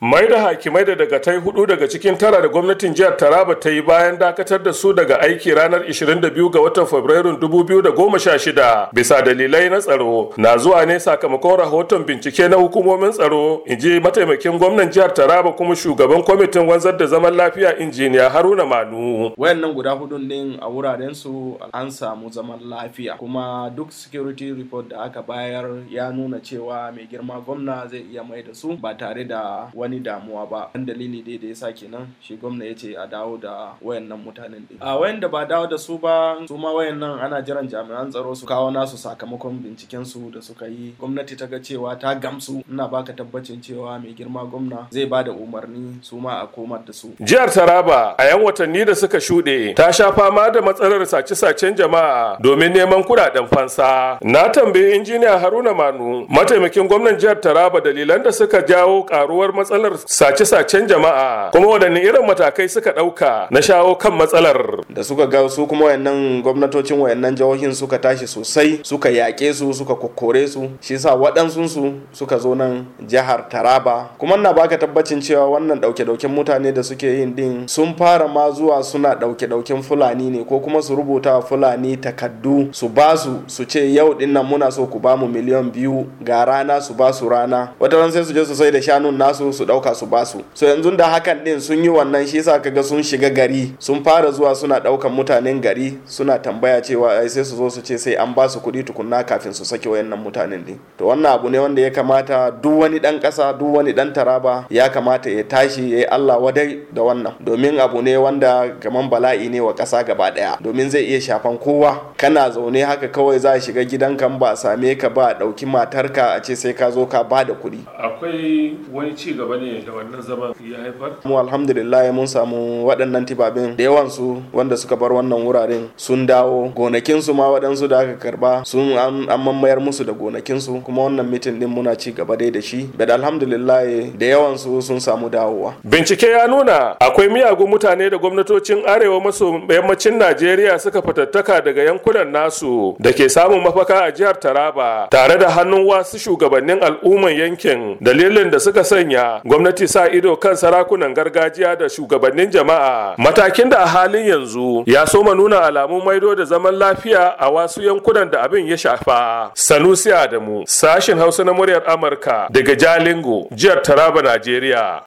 mai da hakimai da dagatai hudu daga cikin tara da gwamnatin jihar taraba ta yi bayan dakatar da su daga aiki ranar 22 ga watan fabrairun 2016 bisa dalilai na tsaro na zuwa ne sakamakon rahoton bincike na hukumomin tsaro in ji mataimakin gwamnan jihar taraba kuma shugaban kwamitin wanzar da zaman lafiya injiniya haruna manu wayannan guda hudun din a wuraren su an samu zaman lafiya kuma duk security report da aka bayar ya nuna cewa mai girma gwamna zai iya mai da su ba tare da wani damuwa ba dan dalili dai da yasa kenan shi gwamna ya ce a dawo da wayannan mutanen din a wayan da ba dawo da su ba su ma wayannan ana jiran jami'an tsaro su kawo nasu sakamakon binciken su da suka yi gwamnati ta ga cewa ta gamsu ina baka tabbacin cewa mai girma gwamna zai ba da umarni su ma a komar da su jihar taraba a yan watanni da suka shuɗe ta sha fama da matsalar sace-sacen jama'a domin neman kuɗaɗen fansa na tambayi injiniya haruna manu mataimakin gwamnan jihar taraba dalilan da suka jawo karuwar matsalar matsalar sace-sacen jama'a kuma waɗanne irin matakai suka ɗauka na shawo kan matsalar da suka ga su kuma wayannan gwamnatocin wayannan jihohin suka tashi sosai suka yaƙe su suka kokkore su shi yasa waɗansu su suka zo nan jihar Taraba kuma na baka tabbacin cewa wannan ɗauke-ɗauken mutane da suke yin din sun fara ma zuwa suna ɗauke-ɗauken Fulani ne ko kuma su rubuta Fulani takaddu su ba su su ce yau dinnan muna so ku bamu miliyan biyu ga rana su ba su rana wata ran sai su je su sai da shanun nasu su su dauka su basu so yanzu da hakan din sun yi wannan shi yasa kaga sun shiga gari sun fara zuwa suna daukan mutanen gari suna tambaya cewa ai sai su zo su ce sai an basu kuɗi tukunna kafin su sake wayannan mutanen din to wannan abu ne wanda ya kamata duk wani dan kasa duk wani dan taraba ya kamata ya tashi ya yi Allah wadai da wannan domin abu ne wanda kaman bala'i ne wa kasa gaba daya domin zai iya shafan kowa kana zaune haka kawai za a shiga gidanka ba a same ka ba a dauki matarka a ce sai ka zo ka ba da kuɗi akwai wani ci gaba بنيه لو عندنا زمان ya haifar mu alhamdulillah mun samu waɗannan tibabin da yawan su wanda suka bar wannan wuraren sun dawo gonakin su ma waɗansu da aka karba sun an mammayar musu da gonakin su kuma wannan mitin din muna ci gaba dai da shi bada alhamdulillah da yawan su sun samu dawowa bincike ya nuna akwai miyagun mutane da gwamnatocin arewa maso yammacin najeriya suka fatattaka daga yankunan nasu da ke samun mafaka a jihar taraba tare da hannun wasu shugabannin al'umman yankin dalilin da suka sanya gwamnati sa ido kan kan sarakunan gargajiya da shugabannin jama'a matakin da a halin yanzu ya soma nuna alamun maido da zaman lafiya a wasu yankunan da abin ya shafa sanusi adamu sashin hausa na muryar amurka daga jalingo jihar taraba najeriya